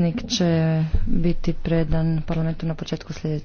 Nik će biti predan parlamentu na početku sljedećeg.